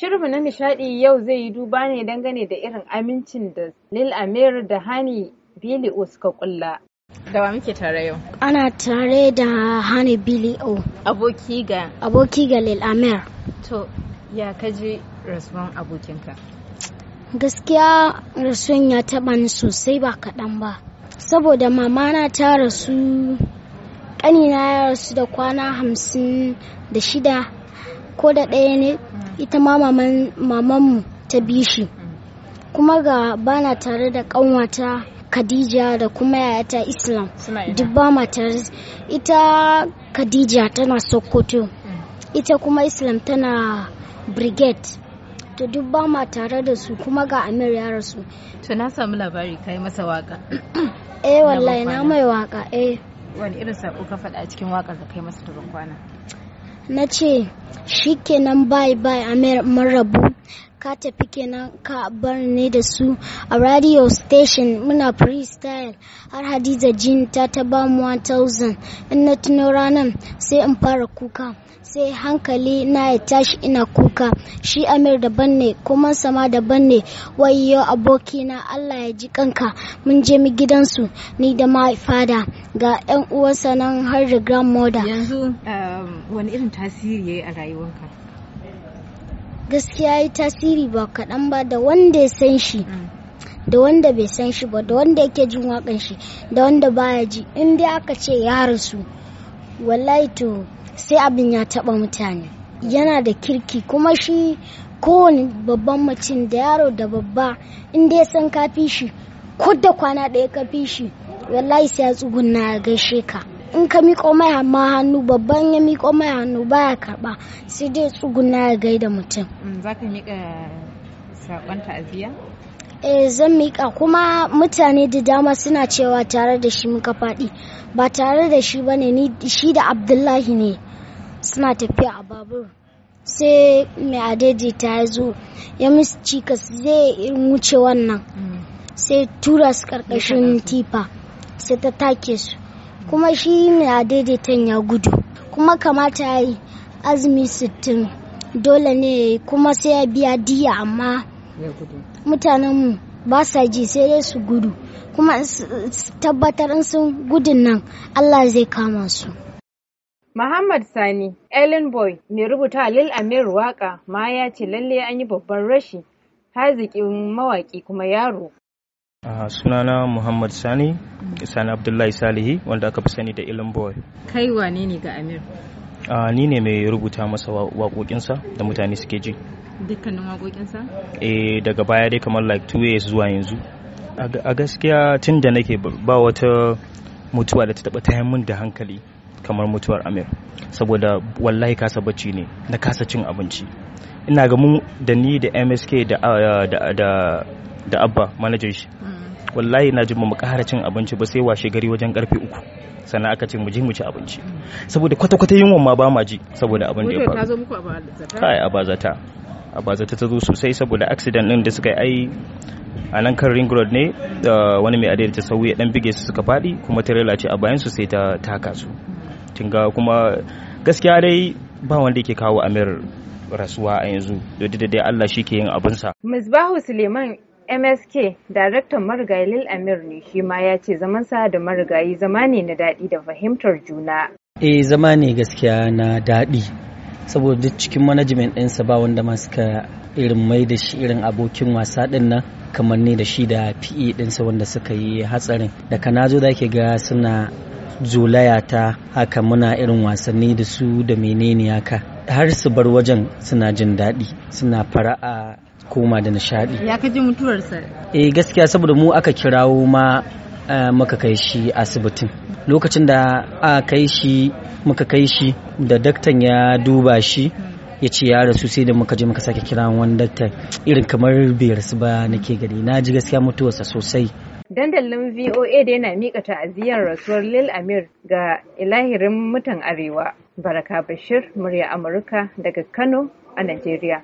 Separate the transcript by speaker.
Speaker 1: shirbi na nishadi yau zai yi duba ne dangane da irin amincin da Lil Amir da Hani Bilio suka kulla. Da muke tare
Speaker 2: yau? Ana tare da Hani Bilio.
Speaker 1: Aboki
Speaker 2: ga? Aboki ga Lil Amir.
Speaker 1: To, ya kaji rasuwan abokinka?
Speaker 2: Gaskiya rasuwan ya taɓa ni sosai ba kaɗan ba. Saboda mamana ta rasu, ƙanina ya rasu da kwana hamsin da shida ko da ɗaya ne ita ma mamanmu ta bi shi kuma ga bana tare da ƙanwata Khadija da kuma yayata Islam duk ba ma tare ita Khadija tana Sokoto ita kuma Islam tana Brigade to duk ba ma tare da su kuma ga Amir ya rasu to na samu labari kai masa waka eh wallahi na mai waka eh
Speaker 1: wani irin sako ka faɗa cikin wakar da kai masa ta kwana
Speaker 2: na ce shi kenan bye bye a marabu ka tafi kenan ka bar ne da su a radio station muna freestyle har hadiza jin ta ta ba mu 1000 in na tuno ranar sai in fara kuka sai hankali na ya tashi ina kuka shi amir daban ne kuma sama daban ne wayo abokina allah ya ji kanka mun je mu gidansu ni da mafada, ga yan uwansa nan har da grandmother yanzu
Speaker 1: ah, wani irin tasiri ya yi a rayuwanka
Speaker 2: gaskiya ya yi tasiri ba kaɗan ba da wanda ya san shi mm. da wanda bai san shi ba da wanda yake jin waƙan shi da wanda baya ji in dai aka ce ya rasu wallahi to sai abin ya taɓa mutane yana da kirki kuma shi kowane babban mutum da yaro da babba inda dai san kafi shi ko da kwana ɗaya kafi shi wallahi sai ya tsugunna ya gaishe ka in ka miko mai ma hannu babban ya miko mai hannu baya karba sai dai tsuguna ya gaida mutum mm,
Speaker 1: za ka miƙa saƙon ta'aziyya
Speaker 2: eh zan miƙa kuma mutane da dama suna cewa tare da shi muka faɗi ba tare da shi ne ni shi da abdullahi ne suna tafiya a babur sai mai adaidaita ya zo ya musu cikas zai wuce wannan mm. sai tura su karkashin tifa sai ta take su kuma shi na daidaitan ya gudu kuma kamata ya yi azumi sittin dole ne kuma sai ya biya diya amma mutanenmu ba sa ji sai dai su gudu kuma tabbatar in sun gudun nan Allah zai kama su. Muhammad Sani, Ellen Boy, mai rubuta Lil Amir waka ma ya ce lalle
Speaker 1: an yi babban rashi, haziƙin mawaƙi kuma yaro Ah, sunana Muhammad Sani, Sani Abdullahi Salihi wanda aka fi sani da Ilin Boy. Kai wane ne ga Amir? Ah, ni ne mai rubuta masa waƙoƙinsa da mutane suke ji. Dukkanin waƙoƙinsa? Eh daga baya dai kamar like two years zuwa yanzu. A gaskiya tun da nake ba wata mutuwa da ta taɓa ta min da hankali kamar mutuwar Amir. Saboda wallahi kasa bacci ne, na kasa cin abinci. Ina ga mu da ni da MSK da ah, da abba manajan shi mm. wallahi na ji mu kara cin abinci ba sai washe gari wajen karfe uku sannan aka ce mu je mu ci abinci mm. saboda kwata-kwata yunwan ma ba ma ji saboda abin da ya faru kai a bazata a bazata ta zo sosai saboda accident din da suka yi ai a nan kan ring road ne wani mai adai ta sauye dan bige su suka fadi kuma trailer ce a bayan su sai ta taka su mm. kinga kuma gaskiya dai ba wanda yake kawo amir rasuwa a yanzu da dai Allah shi ke yin abinsa. Misbahu Suleiman MSK, daraktan marigayi Amir ne shi ma ya ce sa da marigayi zama ne na daɗi da fahimtar juna.
Speaker 3: Eh zama ne gaskiya na daɗi saboda duk cikin management ɗinsa ba wanda ma suka irin mai da shi irin abokin wasa ɗin nan kamar ne da shi da PE ɗinsa wanda suka yi hatsarin. Daga na zo da ke ga suna zolaya ta haka muna irin wasanni da su da menene haka har su bar wajen suna jin daɗi suna fara'a koma da nishadi
Speaker 1: ya kaji mutuwarsa
Speaker 3: eh gaskiya saboda mu aka kirawo ma eh, muka kai shi asibitin lokacin da aka kai shi muka kai shi da daktan ya duba shi ya ce ya rasu sai da muka je muka sake kira wani daktar irin kamar bai rasu ba nake gari na ji gaskiya mutuwarsa sosai
Speaker 1: dandalin voa da yana mika ta'aziyar rasuwar lil amir ga ilahirin mutan arewa baraka bashir murya amurka daga kano a najeriya